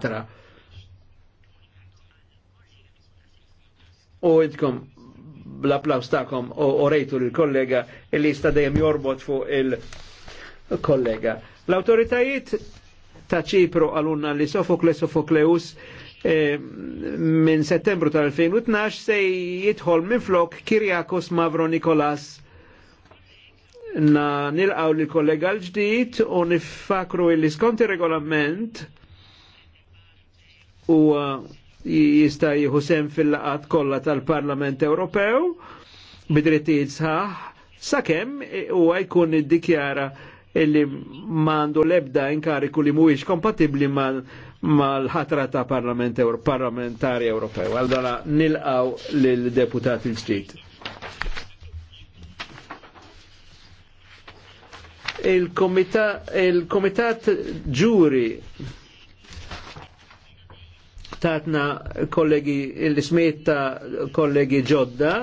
tra. U idkom l applaus ta'kom u rejtu l-kollega li jista dejjem jorbot fuq il-kollega. L-autoritajiet ta' ċipru għalunna li Sofokle Sofokleus eh, minn settembru tal-2012 se jitħol minn flok Kirjakos Mavro Nikolas na nilqaw li kollega l-ġdijt u nifakru il-skonti regolament u uh, jista' jieħu sem fil-laqat kollha tal-Parlament Ewropew bidrittijiet sħaħ sakemm għajkun id-dikjara illi mandu lebda inkariku li mhuwiex kompatibbli mal-ħatra ta' parlament parlamentari Ewropew. Għaldala nilqaw lil deputat il-ġdid. Il-komitat il ġuri tatna kollegi l-ismiet ta' kollegi ġodda